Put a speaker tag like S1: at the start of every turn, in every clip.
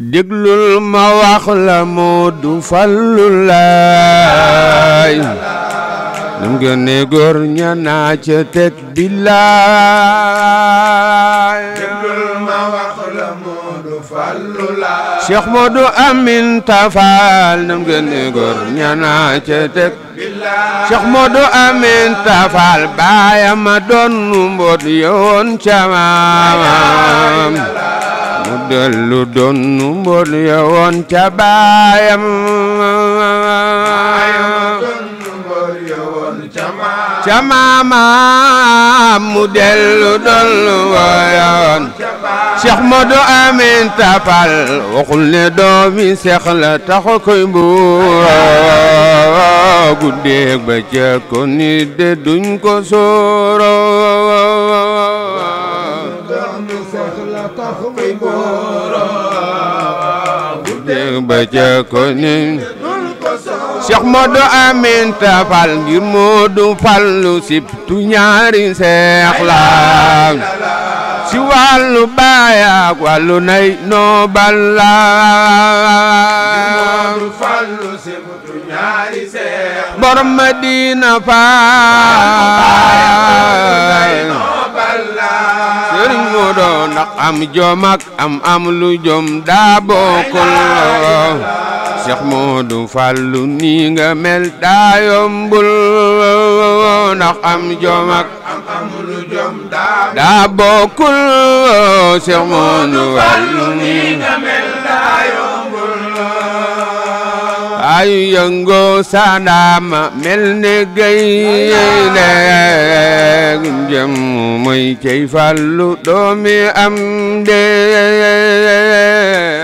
S1: déglul ma wax la Moodu Fallu laay nam ngeen ne góor ña naa ca teg di laay ma a doon nu mboot yoon ca maamam mu dellu donnu mbon ya woon ca baayam ca maamaam mu dellu donnu ya woon Cheikh Modou Amin Tapal waxul ne doomi Seex la taxa koy mbuura guddeeg ba ca ko nit de duñ ko sóoro tax muy góoram bu dégg ba ca ko ni Cheikh Modou Aminta Fall ngir Modou Fallu siptu ñaari seex la si wàllu baay ak nay noo balla fallu sibtu ñaari seex borom Madina Fall sëriñ mu doon ndax am nii nga mel daa yombul ndax am jom ak am mel daa yombul ne jam mooy cey fallu doomi am de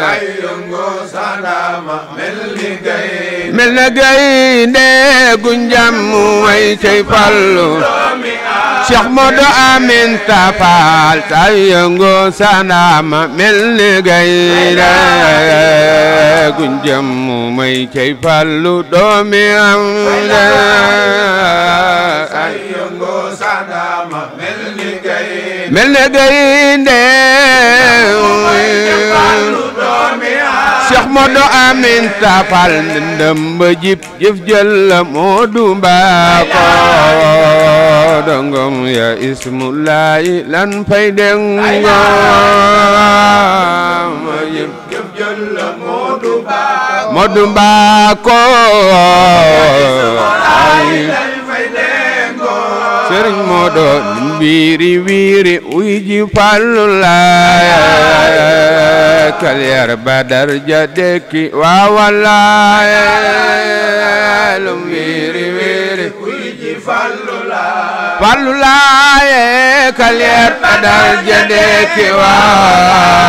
S1: sayongo sadama mel ni gay mel na gay de gun jam mooy cey fallu Cheikh Modou Amin Tafal tay yëngu sanaama mel ni gayra gunjëm may cey fallu doomi am la tay yëngu sanaama mel mel ni gayra Cheikh Modou Amin tafal ndëmb jib jëf jël la Modou Mbako dongom ya ismulaay lan fay dengo jëf jël la Modou Mbako Modou Mbako sëriñ moo doon mbiiri wiiri uy ji fàllu laay kalyeer badar ja dekki waa wallaay lu mbiiri wiiri uy ji fàllu laay fàllu laay kalyeer badar ja dekki waa